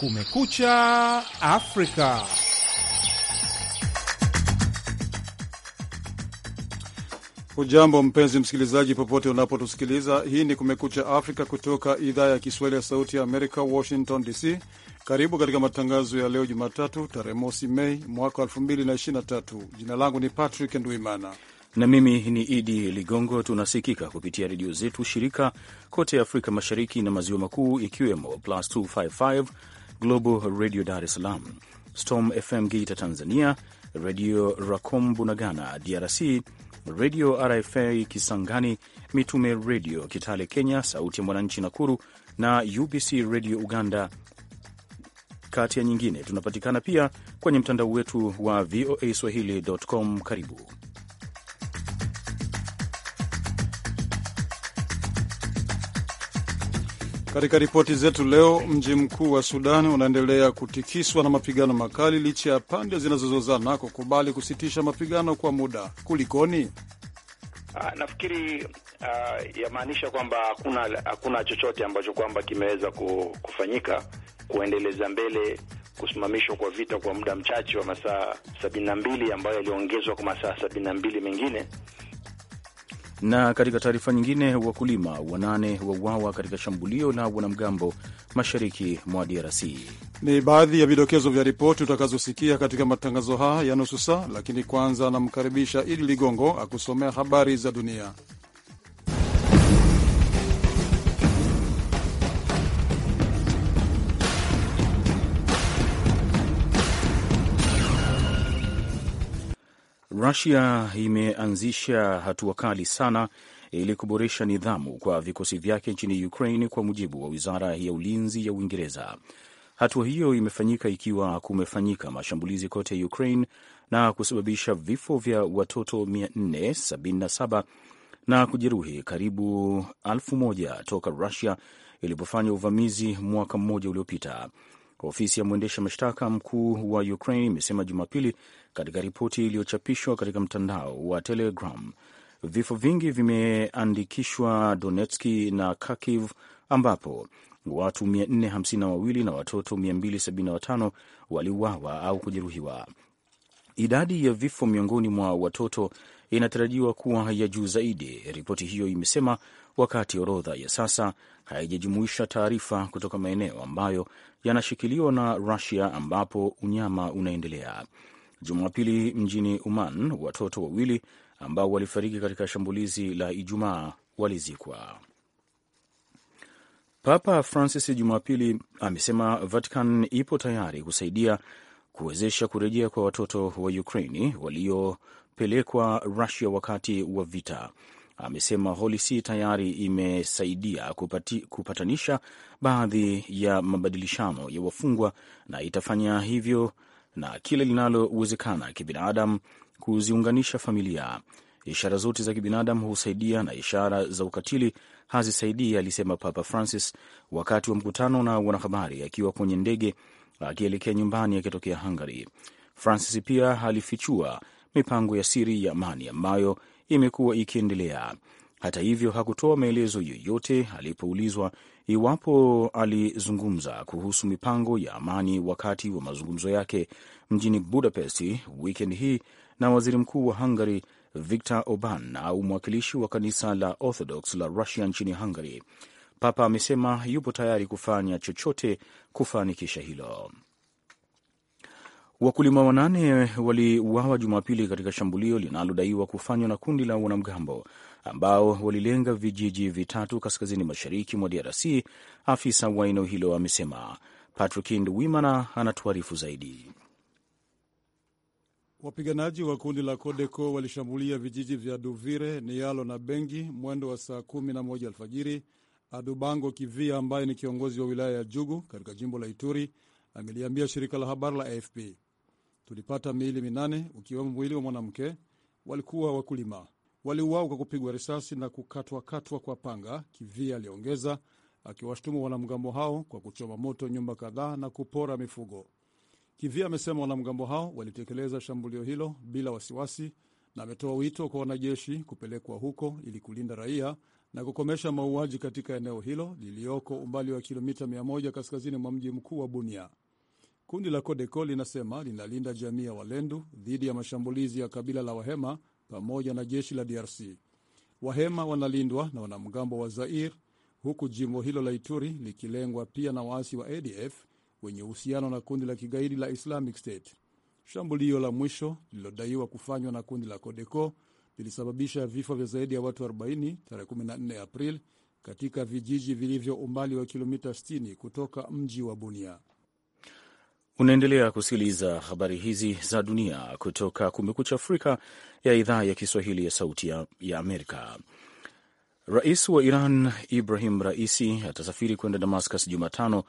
Kumekucha Afrika. ujambo mpenzi msikilizaji, popote unapotusikiliza. Hii ni Kumekucha Afrika kutoka idhaa ya Kiswahili ya Sauti ya Amerika, Washington DC. Karibu katika matangazo ya leo Jumatatu, tarehe mosi Mei mwaka 2023. Jina langu ni Patrick Ndwimana na mimi ni Idi Ligongo. Tunasikika kupitia redio zetu shirika kote Afrika Mashariki na Maziwa Makuu, ikiwemo Plus 255 Global Radio Dar es Salaam, Storm FM Geita Tanzania, Redio Racom Bunagana DRC, Redio RFA Kisangani, Mitume Redio Kitale Kenya, Sauti ya Mwananchi Nakuru na UBC Redio Uganda, kati ya nyingine. Tunapatikana pia kwenye mtandao wetu wa VOA Swahili.com. Karibu Katika ripoti zetu leo, mji mkuu wa Sudan unaendelea kutikiswa na mapigano makali licha ya pande zinazozozana kukubali kusitisha mapigano kwa muda. Kulikoni? Uh, nafikiri uh, yamaanisha kwamba hakuna hakuna chochote ambacho kwamba kimeweza kufanyika kuendeleza mbele kusimamishwa kwa vita kwa muda mchache wa masaa sabini na mbili ambayo yaliongezwa kwa masaa sabini na mbili mengine na katika taarifa nyingine, wakulima wanane wauawa katika shambulio la wanamgambo mashariki mwa DRC. Ni baadhi ya vidokezo vya ripoti utakazosikia katika matangazo haya ya nusu saa, lakini kwanza anamkaribisha Idi Ligongo akusomea habari za dunia. Rusia imeanzisha hatua kali sana ili kuboresha nidhamu kwa vikosi vyake nchini Ukraine, kwa mujibu wa wizara ya ulinzi ya Uingereza. Hatua hiyo imefanyika ikiwa kumefanyika mashambulizi kote Ukraine na kusababisha vifo vya watoto 477 na kujeruhi karibu elfu toka Rusia ilipofanya uvamizi mwaka mmoja uliopita. Ofisi ya mwendesha mashtaka mkuu wa Ukraine imesema Jumapili katika ripoti iliyochapishwa katika mtandao wa Telegram. Vifo vingi vimeandikishwa Donetski na Kharkiv ambapo watu 452 na watoto 275 waliuawa au kujeruhiwa. Idadi ya vifo miongoni mwa watoto inatarajiwa kuwa ya juu zaidi, ripoti hiyo imesema, wakati orodha ya sasa haijajumuisha taarifa kutoka maeneo ambayo yanashikiliwa na Rusia ambapo unyama unaendelea. Jumapili mjini Uman, watoto wawili ambao walifariki katika shambulizi la Ijumaa walizikwa. Papa Francis Jumapili amesema Vatican ipo tayari kusaidia kuwezesha kurejea kwa watoto wa Ukraini waliopelekwa Rusia wakati wa vita amesema Holisi tayari imesaidia kupati, kupatanisha baadhi ya mabadilishano ya wafungwa na itafanya hivyo na kile linalowezekana kibinadamu kuziunganisha familia. Ishara zote za kibinadamu husaidia na ishara za ukatili hazisaidii, alisema Papa Francis wakati wa mkutano na wanahabari akiwa kwenye ndege akielekea nyumbani akitokea Hungary. Francis pia alifichua mipango ya siri ya amani ambayo imekuwa ikiendelea. Hata hivyo, hakutoa maelezo yoyote alipoulizwa iwapo alizungumza kuhusu mipango ya amani wakati wa mazungumzo yake mjini budapest weekend hii na waziri mkuu wa Hungary Viktor Orban au mwakilishi wa kanisa la Orthodox la russia nchini Hungary. Papa amesema yupo tayari kufanya chochote kufanikisha hilo. Wakulima wanane waliuawa Jumapili katika shambulio linalodaiwa kufanywa na kundi la wanamgambo ambao walilenga vijiji vitatu kaskazini mashariki mwa DRC, afisa wa eneo hilo amesema. Patrick Ndwimana anatuarifu zaidi. Wapiganaji wa kundi la Codeco walishambulia vijiji vya Duvire, Nialo na Bengi mwendo wa saa 11 alfajiri. Adubango Kivia ambaye ni kiongozi wa wilaya ya Jugu katika jimbo la Ituri ameliambia shirika la habari la AFP tulipata miili minane ukiwemo mwili wa mwanamke. Walikuwa wakulima, waliuawa kwa kupigwa risasi na kukatwakatwa kwa panga, Kivia aliongeza, akiwashutumu wanamgambo hao kwa kuchoma moto nyumba kadhaa na kupora mifugo. Kivia amesema wanamgambo hao walitekeleza shambulio hilo bila wasiwasi, na ametoa wito kwa wanajeshi kupelekwa huko ili kulinda raia na kukomesha mauaji katika eneo hilo liliyoko umbali wa kilomita 1 kaskazini mwa mji mkuu wa Bunia. Kundi la CODECO linasema linalinda jamii ya Walendu dhidi ya mashambulizi ya kabila la Wahema pamoja na jeshi la DRC. Wahema wanalindwa na wanamgambo wa Zair, huku jimbo hilo la Ituri likilengwa pia na waasi wa ADF wenye uhusiano na kundi la kigaidi la Islamic State. Shambulio la mwisho lililodaiwa kufanywa na kundi la CODECO lilisababisha vifo vya zaidi ya watu 40 tarehe 14 Aprili katika vijiji vilivyo umbali wa kilomita 60 kutoka mji wa Bunia. Unaendelea kusikiliza habari hizi za dunia kutoka Kumekucha Afrika ya idhaa ya Kiswahili ya Sauti ya, ya Amerika. Rais wa Iran Ibrahim Raisi atasafiri kwenda Damascus Jumatano,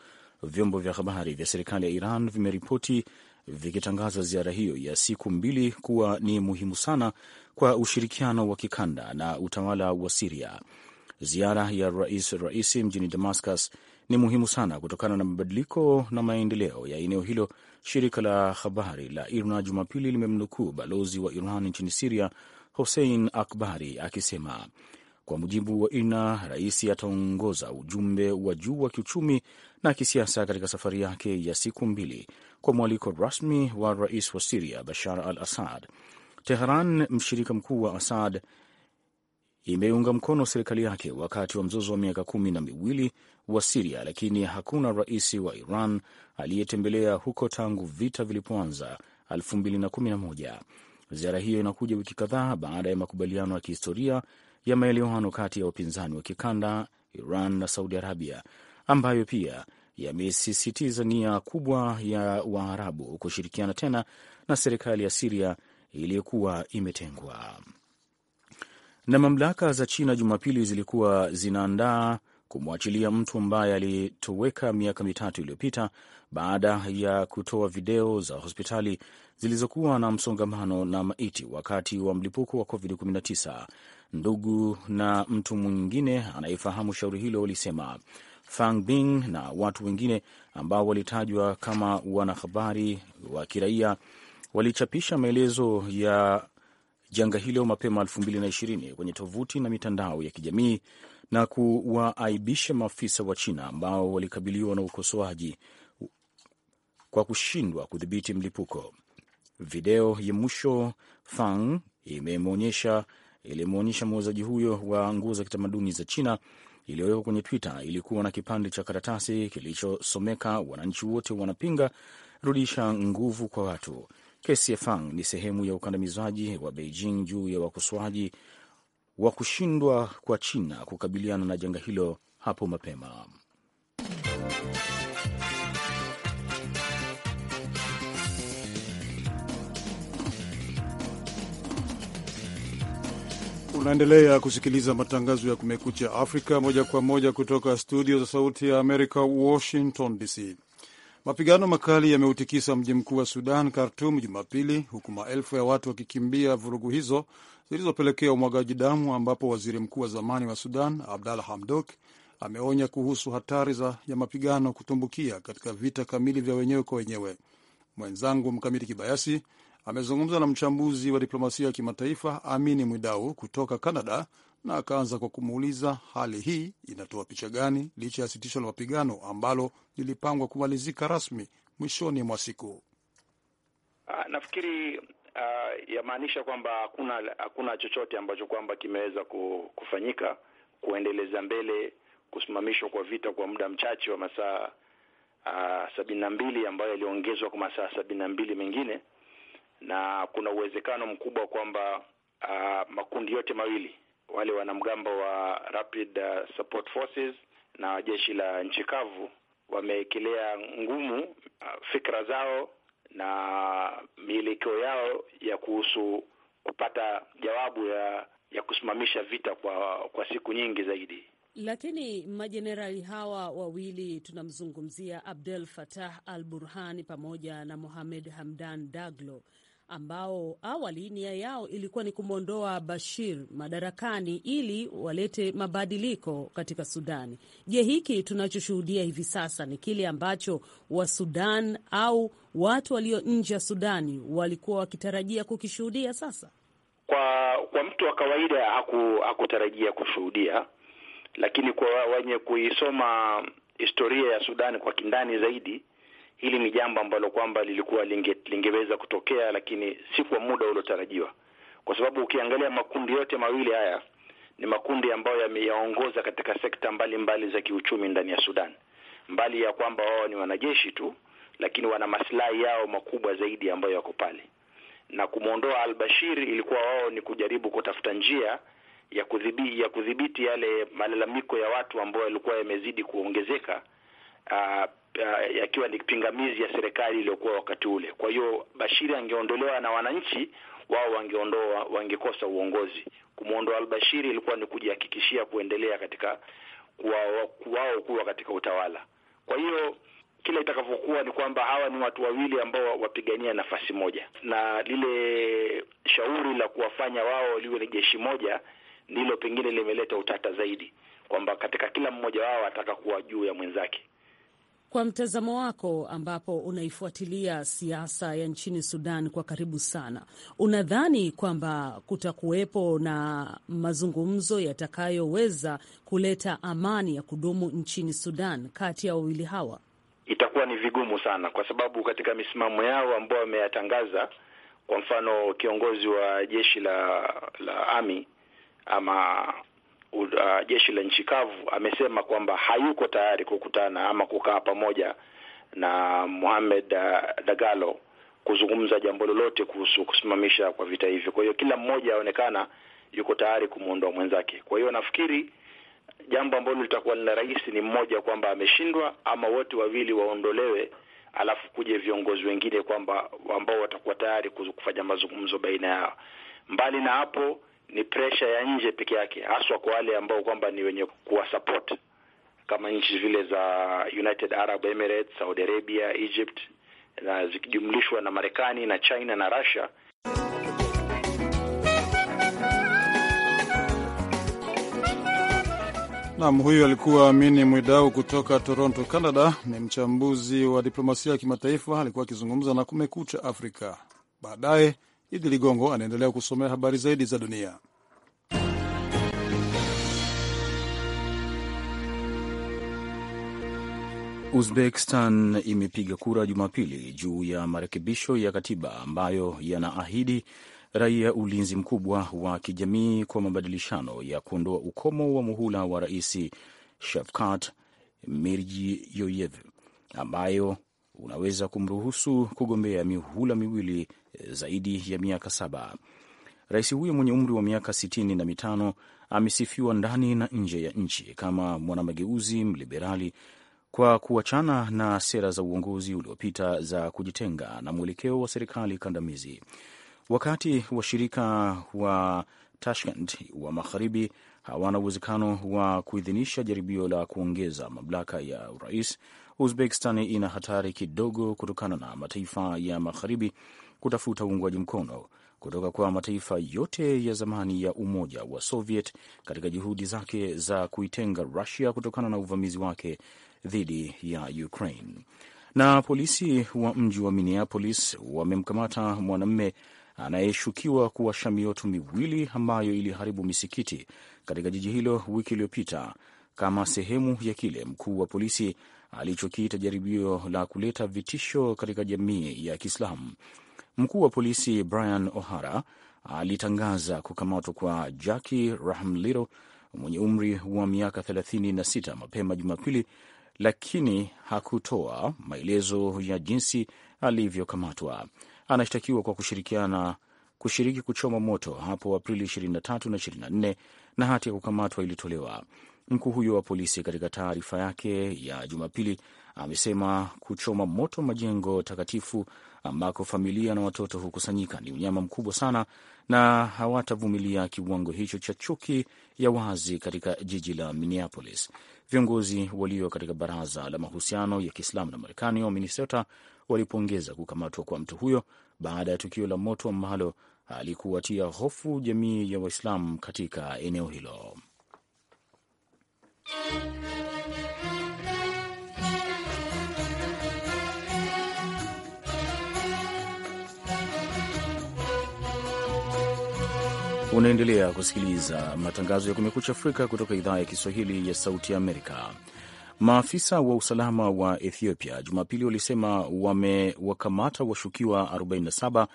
vyombo vya habari vya serikali ya Iran vimeripoti vikitangaza ziara hiyo ya siku mbili kuwa ni muhimu sana kwa ushirikiano wa kikanda na utawala wa Siria. Ziara ya Rais Raisi mjini Damascus ni muhimu sana kutokana na mabadiliko na maendeleo ya eneo hilo. Shirika la habari la IRNA Jumapili limemnukuu balozi wa Iran nchini Siria, Hossein Akbari, akisema kwa mujibu wa IRNA, rais ataongoza ujumbe wa juu wa kiuchumi na kisiasa katika safari yake ya siku mbili kwa mwaliko rasmi wa rais wa Siria Bashar al Assad. Teheran, mshirika mkuu wa Assad, imeunga mkono serikali yake wakati wa mzozo wa miaka kumi na miwili wa Siria, lakini hakuna rais wa Iran aliyetembelea huko tangu vita vilipoanza 2011. Ziara hiyo inakuja wiki kadhaa baada ya makubaliano ya kihistoria ya maelewano kati ya wapinzani wa kikanda Iran na Saudi Arabia, ambayo pia yamesisitiza nia kubwa ya Waarabu kushirikiana tena na serikali ya Siria iliyokuwa imetengwa. Na mamlaka za China Jumapili zilikuwa zinaandaa kumwachilia mtu ambaye alitoweka miaka mitatu iliyopita baada ya kutoa video za hospitali zilizokuwa na msongamano na maiti wakati wa mlipuko wa COVID-19. Ndugu na mtu mwingine anayefahamu shauri hilo walisema Fang Bing na watu wengine ambao walitajwa kama wanahabari wa kiraia walichapisha maelezo ya janga hilo mapema 2020 kwenye tovuti na mitandao ya kijamii na kuwaaibisha maafisa wa China ambao walikabiliwa na ukosoaji kwa kushindwa kudhibiti mlipuko. Video ya mwisho Fang imemwonyesha ilimwonyesha muuzaji huyo wa nguo za kitamaduni za China iliyowekwa kwenye Twitter ilikuwa na kipande cha karatasi kilichosomeka wananchi wote wanapinga, rudisha nguvu kwa watu. Kesi ya Fang ni sehemu ya ukandamizaji wa Beijing juu ya wakosoaji wa kushindwa kwa China kukabiliana na janga hilo hapo mapema. Unaendelea kusikiliza matangazo ya Kumekucha Afrika moja kwa moja kutoka studio za Sauti ya Amerika, Washington DC. Mapigano makali yameutikisa mji mkuu wa Sudan, Khartum, Jumapili, huku maelfu ya watu wakikimbia vurugu hizo zilizopelekea umwagaji damu, ambapo waziri mkuu wa zamani wa Sudan Abdalla Hamdok ameonya kuhusu hatari za ya mapigano kutumbukia katika vita kamili vya wenyewe kwa wenyewe. Mwenzangu Mkamiti Kibayasi amezungumza na mchambuzi wa diplomasia ya kimataifa Amini Mwidau kutoka Canada na akaanza kwa kumuuliza hali hii inatoa picha gani licha ya sitisho la mapigano ambalo lilipangwa kumalizika rasmi mwishoni mwa siku. Ah, nafikiri uh, yamaanisha kwamba hakuna hakuna chochote ambacho kwamba kimeweza kufanyika kuendeleza mbele kusimamishwa kwa vita kwa muda mchache wa masaa uh, sabini na mbili ambayo yaliongezwa kwa masaa sabini na mbili mengine, na kuna uwezekano mkubwa kwamba uh, makundi yote mawili wale wanamgambo wa Rapid uh, Support Forces na jeshi la nchi kavu wameekelea ngumu uh, fikra zao na mielekeo yao ya kuhusu kupata jawabu ya ya kusimamisha vita kwa kwa siku nyingi zaidi. Lakini majenerali hawa wawili tunamzungumzia Abdel Fattah al-Burhani pamoja na Mohamed Hamdan Daglo ambao awali nia yao ilikuwa ni kumwondoa Bashir madarakani ili walete mabadiliko katika Sudani. Je, hiki tunachoshuhudia hivi sasa ni kile ambacho wasudan au watu walio nje ya Sudani walikuwa wakitarajia kukishuhudia? Sasa kwa kwa mtu wa kawaida hakutarajia kushuhudia, lakini kwa wenye kuisoma historia ya Sudani kwa kindani zaidi hili ni jambo ambalo kwamba lilikuwa linge, lingeweza kutokea, lakini si kwa muda uliotarajiwa, kwa sababu ukiangalia makundi yote mawili haya ni makundi ambayo yameyaongoza katika sekta mbalimbali mbali za kiuchumi ndani ya Sudan. Mbali ya kwamba wao ni wanajeshi tu, lakini wana maslahi yao makubwa zaidi ambayo yako pale, na kumwondoa al-Bashir ilikuwa wao ni kujaribu kutafuta njia ya kudhibiti ya kudhibiti yale malalamiko ya watu ambayo yalikuwa yamezidi kuongezeka ah, Uh, yakiwa ni pingamizi ya serikali iliyokuwa wakati ule. Kwa hiyo Bashiri angeondolewa na wananchi wao wangeondoa, wangekosa uongozi. Kumwondoa Albashiri ilikuwa ni kujihakikishia kuendelea katika wao kuwa, kuwa katika utawala. Kwa hiyo kila itakavyokuwa ni kwamba hawa ni watu wawili ambao wapigania nafasi moja, na lile shauri la kuwafanya wao liwe ni jeshi moja ndilo pengine limeleta utata zaidi, kwamba katika kila mmoja wao ataka kuwa juu ya mwenzake kwa mtazamo wako ambapo unaifuatilia siasa ya nchini Sudan kwa karibu sana, unadhani kwamba kutakuwepo na mazungumzo yatakayoweza kuleta amani ya kudumu nchini Sudan kati ya wawili hawa? Itakuwa ni vigumu sana, kwa sababu katika misimamo yao ambao wameyatangaza, kwa mfano kiongozi wa jeshi la la ami ama uh, jeshi la nchi kavu amesema kwamba hayuko tayari kukutana ama kukaa pamoja na Mohamed uh, Dagalo kuzungumza jambo lolote kuhusu kusimamisha kwa vita hivyo Kwa hiyo kila mmoja aonekana yuko tayari kumwondoa mwenzake. Kwa hiyo nafikiri jambo ambalo litakuwa lina rahisi ni mmoja kwamba ameshindwa, ama wote wawili waondolewe, alafu kuje viongozi wengine kwamba ambao watakuwa tayari kufanya mazungumzo baina yao. Mbali na hapo ni pressure ya nje peke yake, haswa kwa wale ambao kwamba ni wenye kuwasupport kama nchi vile za United Arab Emirates, Saudi Arabia, Egypt na zikijumlishwa na Marekani na China na Russia. Nam, huyu alikuwa Amini Mwidau kutoka Toronto, Canada. Ni mchambuzi wa diplomasia ya kimataifa, alikuwa akizungumza na Kumekucha Afrika. Baadaye Idi Ligongo anaendelea kusomea habari zaidi za dunia. Uzbekistan imepiga kura Jumapili juu ya marekebisho ya katiba ambayo yanaahidi raia ulinzi mkubwa wa kijamii kwa mabadilishano ya kuondoa ukomo wa muhula wa rais Shafkat Mirziyoyev ambayo unaweza kumruhusu kugombea mihula miwili zaidi ya miaka saba. Rais huyo mwenye umri wa miaka sitini na mitano amesifiwa ndani na nje ya nchi kama mwanamageuzi mliberali kwa kuachana na sera za uongozi uliopita za kujitenga na mwelekeo wa serikali kandamizi. Wakati washirika wa Tashkent wa magharibi hawana uwezekano wa kuidhinisha jaribio la kuongeza mamlaka ya urais, Uzbekistan ina hatari kidogo kutokana na mataifa ya magharibi kutafuta uungwaji mkono kutoka kwa mataifa yote ya zamani ya Umoja wa Soviet katika juhudi zake za kuitenga Rusia kutokana na uvamizi wake dhidi ya Ukraine. Na polisi wa mji wa Minneapolis wamemkamata mwanamume anayeshukiwa kuwasha mioto miwili ambayo iliharibu misikiti katika jiji hilo wiki iliyopita kama sehemu ya kile mkuu wa polisi alichokiita jaribio la kuleta vitisho katika jamii ya Kiislamu. Mkuu wa polisi Brian O'Hara alitangaza kukamatwa kwa Jackie rahmliro mwenye umri wa miaka 36 mapema Jumapili, lakini hakutoa maelezo ya jinsi alivyokamatwa. Anashtakiwa kwa kushirikiana kushiriki kuchoma moto hapo Aprili 23 na 24, na hati ya kukamatwa ilitolewa. Mkuu huyo wa polisi katika taarifa yake ya Jumapili amesema kuchoma moto majengo takatifu ambako familia na watoto hukusanyika ni unyama mkubwa sana na hawatavumilia kiwango hicho cha chuki ya wazi katika jiji la Minneapolis. Viongozi walio katika baraza la mahusiano ya Kiislamu na Marekani wa Minnesota walipongeza kukamatwa kwa mtu huyo baada ya tukio la moto ambalo alikuwatia hofu jamii ya Waislamu katika eneo hilo. Unaendelea kusikiliza matangazo ya Kumekucha Afrika kutoka idhaa ya Kiswahili ya Sauti ya Amerika. Maafisa wa usalama wa Ethiopia Jumapili walisema wamewakamata washukiwa 47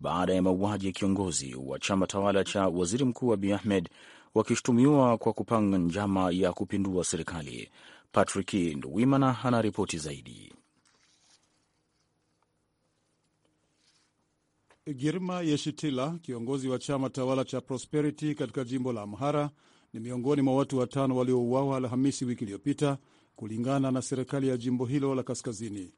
baada ya mauaji ya kiongozi wa chama tawala cha waziri mkuu Abiy Ahmed wakishutumiwa kwa kupanga njama ya kupindua serikali. Patrick Nduwimana ripoti zaidi. Girma Yeshitila, kiongozi wa chama tawala cha Prosperity katika jimbo la Amhara, ni miongoni mwa watu watano waliouawa Alhamisi wiki iliyopita, kulingana na serikali ya jimbo hilo la kaskazini.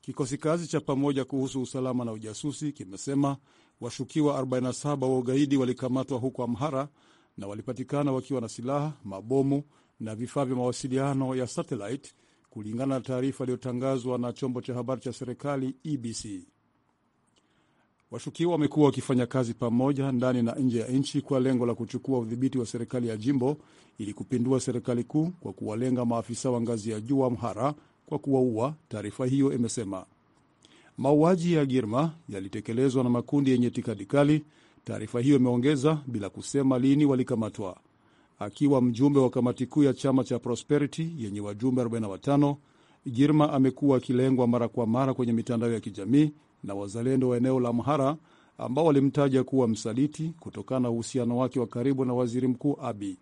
Kikosi kazi cha pamoja kuhusu usalama na ujasusi kimesema washukiwa 47 wa ugaidi walikamatwa huko Amhara na walipatikana wakiwa na silaha, mabomu na vifaa vya mawasiliano ya satellite, kulingana na taarifa iliyotangazwa na chombo cha habari cha serikali EBC. Washukiwa wamekuwa wakifanya kazi pamoja ndani na nje ya nchi kwa lengo la kuchukua udhibiti wa serikali ya jimbo ili kupindua serikali kuu kwa kuwalenga maafisa wa ngazi ya juu wa Amhara kwa kuwaua, taarifa hiyo imesema. Mauaji ya Girma yalitekelezwa na makundi yenye itikadi kali Taarifa hiyo imeongeza bila kusema lini walikamatwa. Akiwa mjumbe wa kamati kuu ya chama cha Prosperity yenye wajumbe 45, Girma amekuwa akilengwa mara kwa mara kwenye mitandao ya kijamii na wazalendo wa eneo la Amhara ambao walimtaja kuwa msaliti kutokana na uhusiano wake wa karibu na waziri mkuu Abi.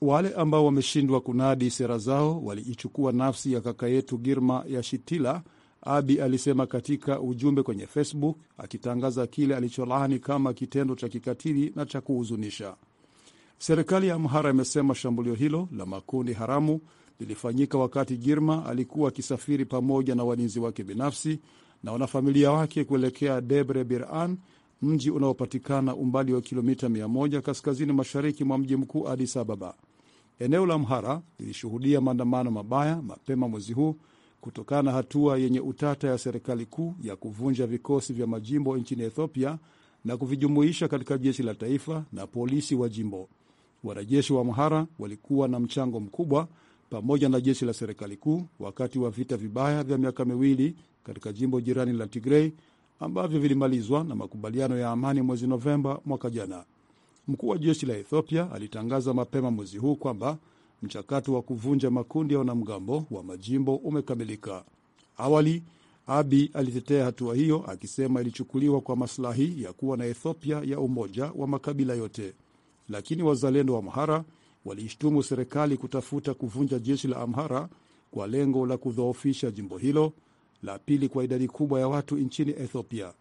Wale ambao wameshindwa kunadi sera zao waliichukua nafsi ya kaka yetu Girma ya Shitila Abi alisema katika ujumbe kwenye Facebook akitangaza kile alicholaani kama kitendo cha kikatili na cha kuhuzunisha. Serikali ya Amhara imesema shambulio hilo la makundi haramu lilifanyika wakati Girma alikuwa akisafiri pamoja na walinzi wake binafsi na wanafamilia wake kuelekea Debre Biran, mji unaopatikana umbali wa kilomita 100 kaskazini mashariki mwa mji mkuu Adis Ababa. Eneo la Amhara lilishuhudia maandamano mabaya mapema mwezi huu kutokana na hatua yenye utata ya serikali kuu ya kuvunja vikosi vya majimbo nchini Ethiopia na kuvijumuisha katika jeshi la taifa na polisi wa jimbo. Wanajeshi wa Amhara walikuwa na mchango mkubwa pamoja na jeshi la serikali kuu wakati wa vita vibaya vya miaka miwili katika jimbo jirani la Tigrei ambavyo vilimalizwa na makubaliano ya amani mwezi Novemba mwaka jana. Mkuu wa jeshi la Ethiopia alitangaza mapema mwezi huu kwamba mchakato wa kuvunja makundi ya wanamgambo wa majimbo umekamilika. Awali Abi alitetea hatua hiyo akisema ilichukuliwa kwa masilahi ya kuwa na Ethiopia ya umoja wa makabila yote, lakini wazalendo wa Amhara waliishtumu serikali kutafuta kuvunja jeshi la Amhara kwa lengo la kudhoofisha jimbo hilo la pili kwa idadi kubwa ya watu nchini Ethiopia.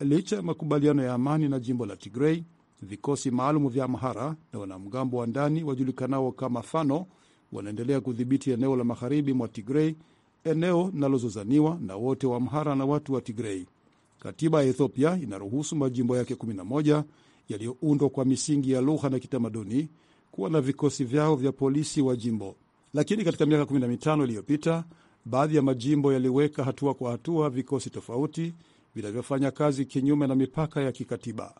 Licha ya makubaliano ya amani na jimbo la Tigrei, Vikosi maalum vya Amhara na wanamgambo wa ndani wajulikanao kama Fano wanaendelea kudhibiti eneo la magharibi mwa Tigrei, eneo linalozozaniwa na wote wa Amhara na watu wa Tigrei. Katiba ya Ethiopia inaruhusu majimbo yake 11 yaliyoundwa kwa misingi ya lugha na kitamaduni kuwa na vikosi vyao vya polisi wa jimbo, lakini katika miaka 15 iliyopita baadhi ya majimbo yaliweka hatua kwa hatua vikosi tofauti vinavyofanya kazi kinyume na mipaka ya kikatiba.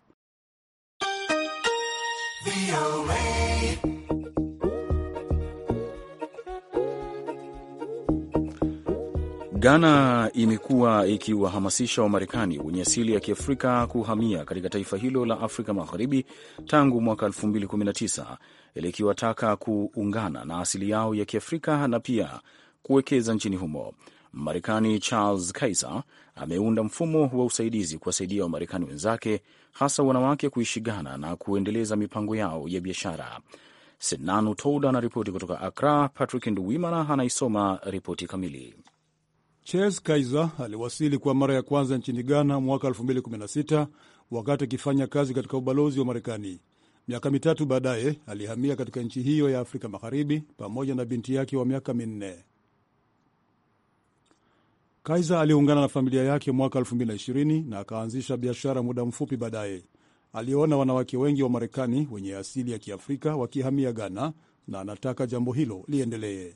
Ghana imekuwa ikiwahamasisha Wamarekani wenye asili ya Kiafrika kuhamia katika taifa hilo la Afrika Magharibi tangu mwaka 2019 ili ikiwataka kuungana na asili yao ya Kiafrika na pia kuwekeza nchini humo. Marekani Charles Kaiser ameunda mfumo wa usaidizi kuwasaidia Wamarekani wenzake hasa wanawake kuishigana na kuendeleza mipango yao ya biashara. Senanu Touda anaripoti kutoka Akra. Patrick Nduwimana anaisoma ripoti kamili. Ches Kaiza aliwasili kwa mara ya kwanza nchini Ghana mwaka 2016 wakati akifanya kazi katika ubalozi wa Marekani. Miaka mitatu baadaye alihamia katika nchi hiyo ya Afrika Magharibi pamoja na binti yake wa miaka minne. Kaiza aliungana na familia yake mwaka 2020 na akaanzisha biashara muda mfupi baadaye. Aliona wanawake wengi wa Marekani wenye asili ya Kiafrika wakihamia Ghana na anataka jambo hilo liendelee.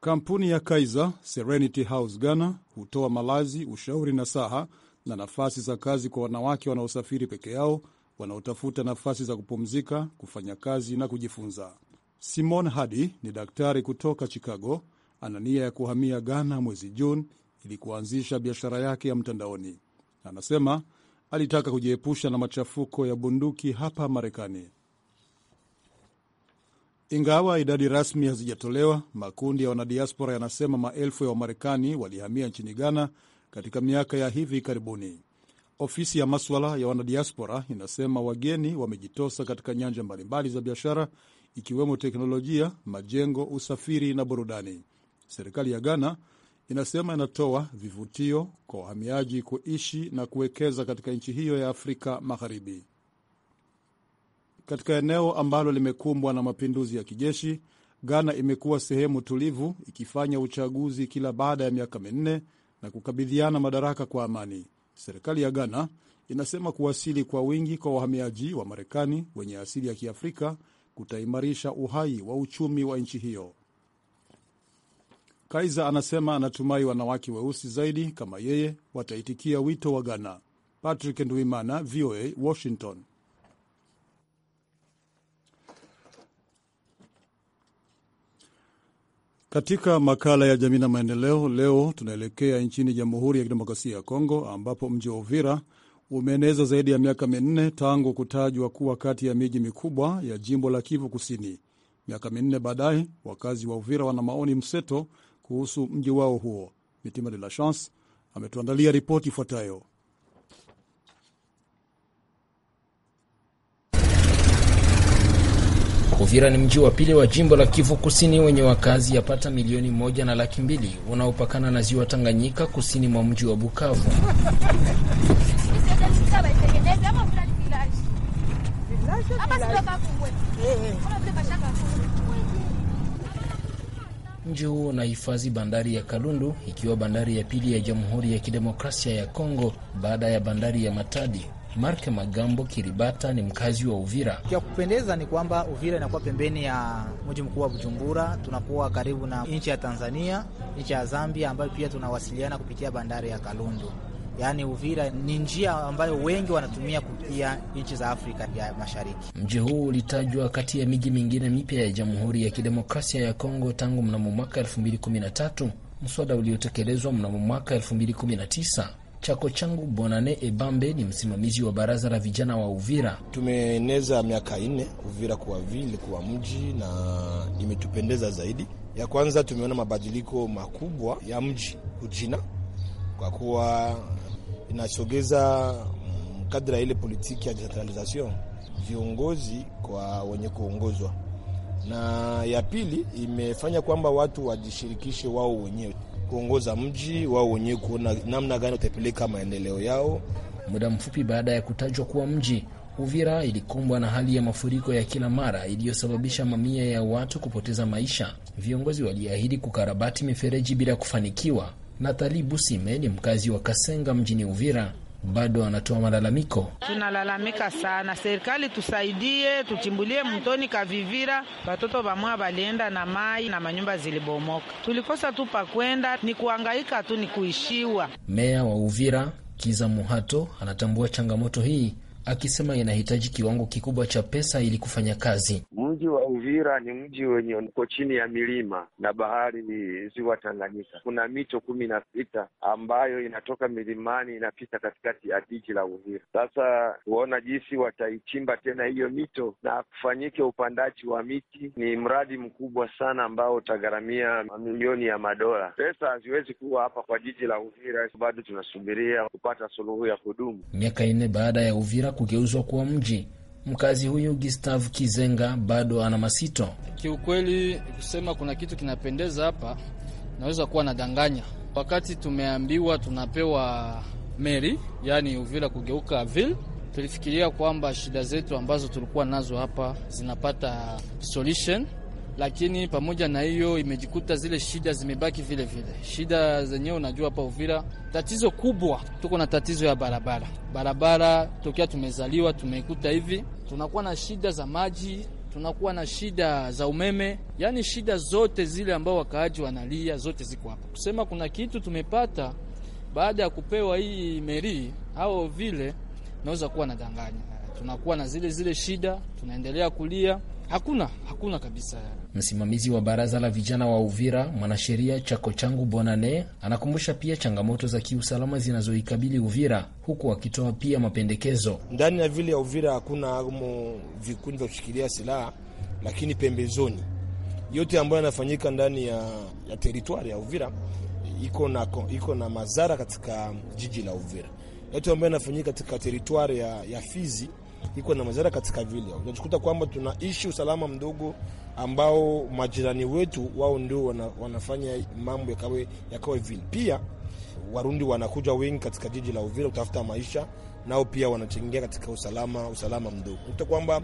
Kampuni ya Kaiza Serenity House Ghana hutoa malazi, ushauri na saha na nafasi za kazi kwa wanawake wanaosafiri peke yao, wanaotafuta nafasi za kupumzika, kufanya kazi na kujifunza. Simon Hadi ni daktari kutoka Chicago ana nia ya kuhamia Ghana mwezi Juni ili kuanzisha biashara yake ya mtandaoni. Anasema alitaka kujiepusha na machafuko ya bunduki hapa Marekani. Ingawa idadi rasmi hazijatolewa, makundi ya wanadiaspora yanasema maelfu ya Wamarekani walihamia nchini Ghana katika miaka ya hivi karibuni. Ofisi ya maswala ya wanadiaspora inasema wageni wamejitosa katika nyanja mbalimbali za biashara, ikiwemo teknolojia, majengo, usafiri na burudani. Serikali ya Ghana inasema inatoa vivutio kwa wahamiaji kuishi na kuwekeza katika nchi hiyo ya Afrika Magharibi. Katika eneo ambalo limekumbwa na mapinduzi ya kijeshi, Ghana imekuwa sehemu tulivu, ikifanya uchaguzi kila baada ya miaka minne na kukabidhiana madaraka kwa amani. Serikali ya Ghana inasema kuwasili kwa wingi kwa wahamiaji wa Marekani wenye asili ya Kiafrika kutaimarisha uhai wa uchumi wa nchi hiyo. Kaiza anasema anatumai wanawake weusi zaidi kama yeye wataitikia wito wa Ghana. Patrick Nduimana, VOA, Washington. Katika makala ya jamii na maendeleo, leo tunaelekea nchini Jamhuri ya Kidemokrasia ya Kongo, ambapo mji wa Uvira umeeneza zaidi ya miaka minne tangu kutajwa kuwa kati ya miji mikubwa ya jimbo la Kivu Kusini. Miaka minne baadaye, wakazi wa Uvira wana maoni mseto kuhusu mji wao huo. Mitima de la Chance ametuandalia ripoti ifuatayo. Uvira ni mji wa pili wa jimbo la Kivu Kusini wenye wakazi yapata milioni moja na laki mbili unaopakana na ziwa Tanganyika kusini mwa mji wa Bukavu. Mji huo unahifadhi bandari ya Kalundu, ikiwa bandari ya pili ya Jamhuri ya Kidemokrasia ya Kongo baada ya bandari ya Matadi. Mark Magambo Kiribata ni mkazi wa Uvira. kya kupendeza ni kwamba Uvira inakuwa pembeni ya mji mkuu wa Bujumbura, tunakuwa karibu na nchi ya Tanzania, nchi ya Zambia, ambayo pia tunawasiliana kupitia bandari ya Kalundu yaani Uvira ni njia ambayo wengi wanatumia kupitia nchi za Afrika ya Mashariki. Mji huu ulitajwa kati ya miji mingine mipya ya Jamhuri ya Kidemokrasia ya Kongo tangu mnamo mwaka 2013, mswada uliotekelezwa mnamo mwaka 2019. Chako changu Bonane Ebambe ni msimamizi wa baraza la vijana wa Uvira. Tumeeneza miaka nne Uvira kuwa vile kuwa mji na imetupendeza zaidi. Ya kwanza tumeona mabadiliko makubwa ya mji, ujina kwa kuwa inasogeza kadra ile politiki ya decentralization viongozi kwa wenye kuongozwa, na ya pili imefanya kwamba watu wajishirikishe wao wenyewe kuongoza mji wao wenyewe, kuona namna gani utapeleka maendeleo yao. Muda mfupi baada ya kutajwa kuwa mji Uvira ilikumbwa na hali ya mafuriko ya kila mara iliyosababisha mamia ya watu kupoteza maisha. Viongozi waliahidi kukarabati mifereji bila kufanikiwa, Natali Busime ni mkazi wa Kasenga mjini Uvira bado anatoa malalamiko. Tunalalamika sana, serikali tusaidie, tuchimbulie mtoni Kavivira. Watoto vamwa valienda na mai na manyumba zilibomoka, tulikosa tu pa kwenda, ni kuangaika tu, ni kuishiwa. Meya wa Uvira Kiza Muhato anatambua changamoto hii akisema inahitaji kiwango kikubwa cha pesa ili kufanya kazi mji wa Uvira ni mji wenye uko chini ya milima na bahari, ziwa Tanganyika. Kuna mito kumi na sita ambayo inatoka milimani inapita katikati ya jiji la Uvira. Sasa huona jinsi wataichimba tena hiyo mito na kufanyike upandaji wa miti. Ni mradi mkubwa sana ambao utagharamia mamilioni ya madola. Pesa haziwezi kuwa hapa kwa jiji la Uvira, bado tunasubiria kupata suluhu ya kudumu. Miaka nne baada ya Uvira kugeuzwa kuwa mji Mkazi huyu Gustav Kizenga bado ana masito. Kiukweli kusema kuna kitu kinapendeza hapa, naweza kuwa nadanganya. Wakati tumeambiwa tunapewa meri, yani Uvira kugeuka ville, tulifikiria kwamba shida zetu ambazo tulikuwa nazo hapa zinapata solution lakini pamoja na hiyo imejikuta zile shida zimebaki vile vile. Shida zenyewe unajua, hapa Uvira tatizo kubwa, tuko na tatizo ya barabara. Barabara tokea tumezaliwa tumeikuta hivi, tunakuwa na shida za maji, tunakuwa na shida za umeme, yaani shida zote zile ambao wakaaji wanalia zote ziko hapa. Kusema kuna kitu tumepata baada ya kupewa hii meri au vile, naweza kuwa nadanganya, tunakuwa na zile zile shida, tunaendelea kulia Hakuna, hakuna kabisa. Msimamizi wa baraza la vijana wa Uvira, mwanasheria Chako Changu Bonane, anakumbusha pia changamoto za kiusalama zinazoikabili Uvira, huku akitoa pia mapendekezo. Ndani ya vile ya Uvira hakuna mo vikundi vya kushikilia silaha, lakini pembezoni yote ambayo yanafanyika ndani ya, ya teritwari ya Uvira iko na, iko na mazara katika jiji la Uvira. Yote ambayo yanafanyika katika teritwari ya, ya Fizi iko na madhara katika vile. Unajikuta kwamba tunaishi usalama mdogo ambao majirani wetu wao ndio wana, wanafanya mambo yakawe, yakawe vile. Pia Warundi wanakuja wengi katika jiji la Uvira kutafuta maisha, nao pia wanachangia katika usalama usalama mdogo. Unakuta kwamba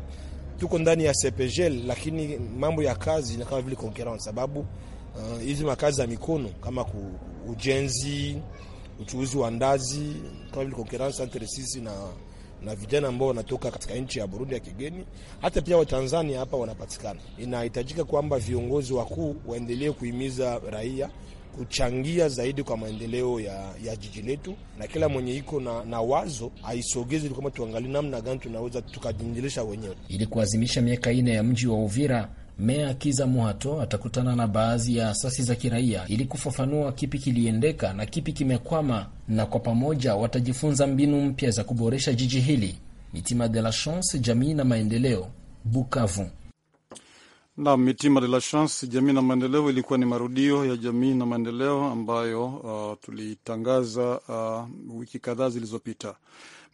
tuko ndani ya CPGL lakini mambo ya kazi ni kama vile concurrence sababu uh, hizi uh, makazi za mikono kama ku, ujenzi, uchuuzi wa ndazi kama vile concurrence entre sisi na na vijana ambao wanatoka katika nchi ya Burundi ya kigeni, hata pia Watanzania hapa wanapatikana. Inahitajika kwamba viongozi wakuu waendelee kuhimiza raia kuchangia zaidi kwa maendeleo ya, ya jiji letu, na kila mwenye iko na, na wazo aisogeze, kama tuangalie namna gani tunaweza tukajiendelesha wenyewe, ili kuazimisha miaka ine ya mji wa Uvira. Meya Kiza Muhato atakutana na baadhi ya asasi za kiraia ili kufafanua kipi kiliendeka na kipi kimekwama, na kwa pamoja watajifunza mbinu mpya za kuboresha jiji hili. Mitima de la Chance, jamii na maendeleo, Bukavu. Na Mitima de la Chance, jamii na maendeleo ilikuwa ni marudio ya jamii na maendeleo ambayo uh, tulitangaza uh, wiki kadhaa zilizopita.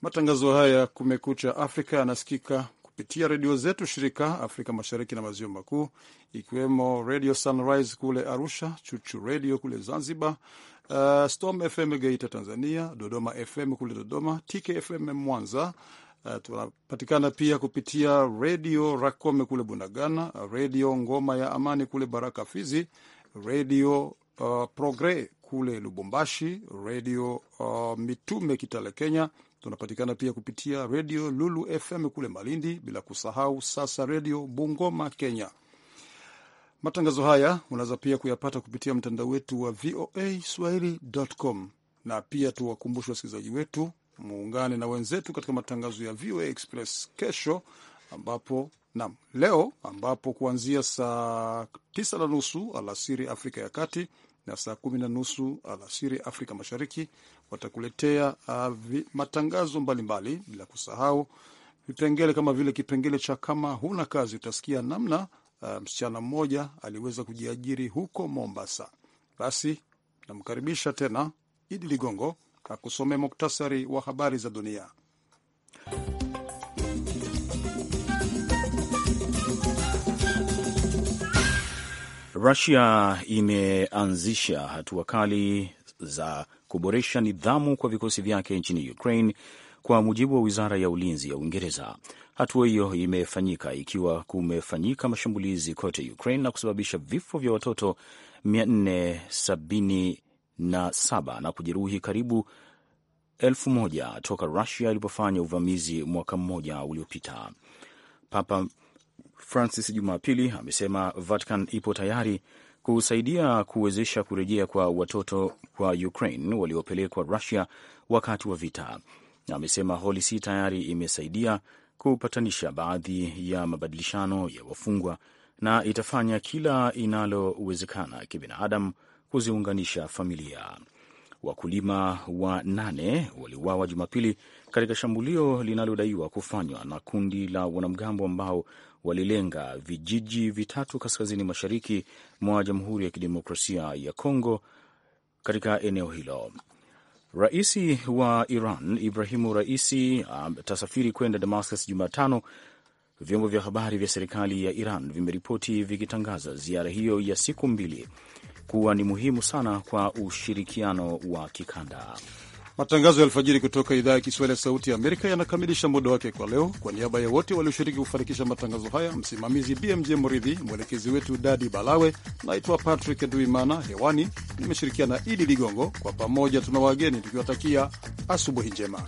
Matangazo haya Kumekucha Afrika yanasikika kupitia redio zetu shirika Afrika Mashariki na Maziwa Makuu, ikiwemo Radio Sunrise kule Arusha, Chuchu radio kule Zanzibar, uh, Storm FM Geita Tanzania, Dodoma FM kule Dodoma, FM Mwanza. Uh, tunapatikana pia kupitia redio Rakome kule Bunagana, redio Ngoma ya Amani kule Baraka Fizi, redio uh, Progre kule Lubumbashi, redio uh, Mitume Kitale Kenya, Tunapatikana pia kupitia redio Lulu FM kule Malindi, bila kusahau sasa redio Bungoma, Kenya. Matangazo haya unaweza pia kuyapata kupitia mtandao wetu wa VOA swahili.com. Na pia tuwakumbushe wasikilizaji wetu muungane na wenzetu katika matangazo ya VOA Express kesho, ambapo nam leo, ambapo kuanzia saa tisa na nusu alasiri Afrika ya Kati na saa kumi na nusu alasiri Afrika Mashariki watakuletea uh, vi, matangazo mbalimbali mbali, bila kusahau vipengele kama vile kipengele cha kama huna kazi. Utasikia namna uh, msichana mmoja aliweza kujiajiri huko Mombasa. Basi namkaribisha tena Idi Ligongo akusomea muktasari wa habari za dunia. Rusia imeanzisha hatua kali za kuboresha nidhamu kwa vikosi vyake nchini Ukraine, kwa mujibu wa wizara ya ulinzi ya Uingereza. Hatua hiyo imefanyika ikiwa kumefanyika mashambulizi kote Ukraine na kusababisha vifo vya watoto 477 na, na kujeruhi karibu elfu moja toka Rusia ilipofanya uvamizi mwaka mmoja uliopita. Papa Francis Jumapili amesema Vatican ipo tayari kusaidia kuwezesha kurejea kwa watoto kwa Ukraine waliopelekwa Rusia wakati wa vita. Amesema Holisi tayari imesaidia kupatanisha baadhi ya mabadilishano ya wafungwa na itafanya kila inalowezekana kibinadamu kuziunganisha familia. Wakulima wa nane waliuawa Jumapili katika shambulio linalodaiwa kufanywa na kundi la wanamgambo ambao walilenga vijiji vitatu kaskazini mashariki mwa Jamhuri ya Kidemokrasia ya Kongo. Katika eneo hilo, rais wa Iran Ibrahimu Raisi atasafiri um, kwenda Damascus Jumatano, vyombo vya habari vya serikali ya Iran vimeripoti vikitangaza ziara hiyo ya siku mbili kuwa ni muhimu sana kwa ushirikiano wa kikanda. Matangazo ya alfajiri kutoka idhaa ya Kiswahili ya Sauti ya Amerika yanakamilisha muda wake kwa leo. Kwa niaba ya wote walioshiriki kufanikisha matangazo haya, msimamizi BMJ mridhi mwelekezi wetu Dadi Balawe, naitwa Patrick Nduimana. Hewani nimeshirikiana na Idi Ligongo. Kwa pamoja tuna wageni tukiwatakia asubuhi njema.